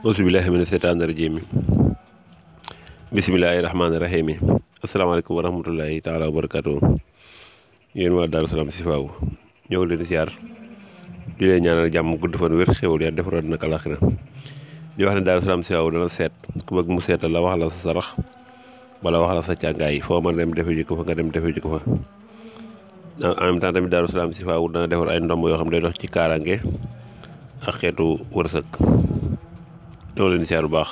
auzu billaahi mina seytaani rajiim bismillaahi rahmaani rahiim asalaamaaleykum wa rahmatulahi taala wa barakaatu yéen waa Daaru Salaam si faaw ñëw leen siyaar di leen ñaanal jàmm gudd fan wér xéwal yaa defaroon na kalaaxira di wax ne Daaru Salaam si faaw seet ku bëgg mu seetal la wax la sa sarax wala wax la sa càngaay foo mën dem defe ji ko fa nga dem defe ji ko fa en dana defar ay ndomb yoo xam ne day dox ci kaaraange ak xeetu wërsëg. ñoo leen siyaar bu baax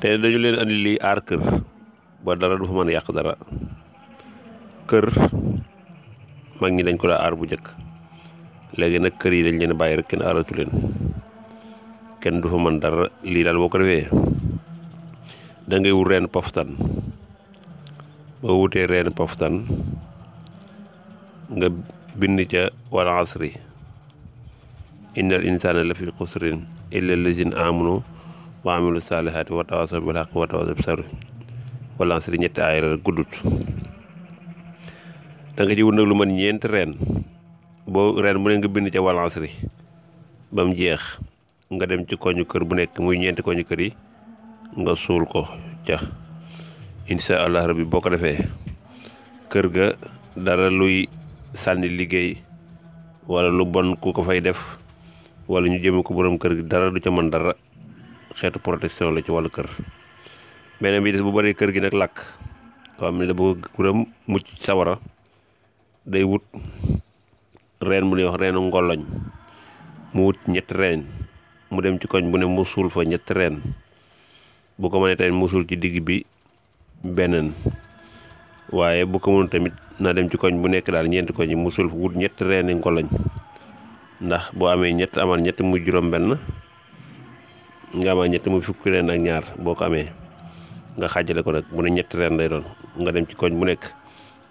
te dañu leen andi lii aar kër ba dara du fa mën a yàq dara kër mag ñi dañ ko daa aar bu njëkk léegi nag kër yi dañ leen bàyyi rek kenn aaratu leen kenn du fa mën dara lii daal boo ko defee dangay ngay wut reen poftan boo wutee reen poftan nga bind ca wal asri innal insaana la fi xusrin illa lazina amanu wa amilu saalihaati wa tawaasaw bil haqqi wa tawaasaw bis sabri wala ñetti aaya la guddut da ci wut lu mën ñeenti reen boo reen bu ne nga bind ca wal asri ba jeex nga dem ci koñu kër bu nekk muy ñeenti koñu kër yi nga suul ko ca insha allah rabbi boo ko defee kër ga dara luy sànni liggéey walla lu bon ku ko fay def wala ñu jëme ko boroom kër gi dara lu ca mën dara xeetu protection la ci wàllu kër beneen bi des bu baree kër gi nag làkk nga xam ne da mucc sawara day wut reen bu ñuy wax reenu ngoloñ mu wut ñetti reen mu dem ci koñ bu ne mu suul reen bu ko mënee tamit mu suul ci digg bi beneen waaye bu ko mënul tamit na dem ci koñ bu nekk daal ñeenti koñ yi mu suul fa wut ñetti reeni ngoloñ ndax boo amee ñett amal ñett mu juróom benn nga amaat ñett mu fukki reen ak ñaar boo ko amee nga xaajale ko nag mu ne ñetti reen lay doon nga dem ci koñ bu nekk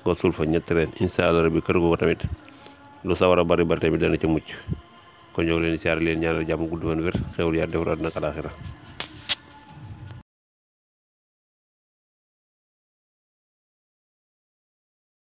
nga suul fa ñetti reen incha allah rabbi kër googu tamit lu sawar a bari bari tamit dana ci mucc kon ñoo leen di siyaare leen ñaanal jàmm gudd fan wér xewul yaa defar àdduna ak alaaxira